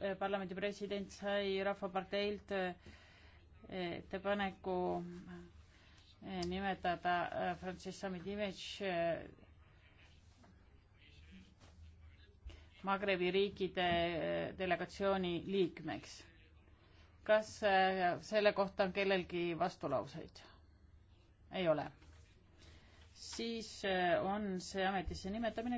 Eh, parlamendi president sai Rahvaparteilt eh, ettepaneku eh, nimetada Francis Amidimec Magrebi riikide delegatsiooni liikmeks. kas selle kohta on kellelgi vastulauseid? ei ole. siis on see ametisse nimetamine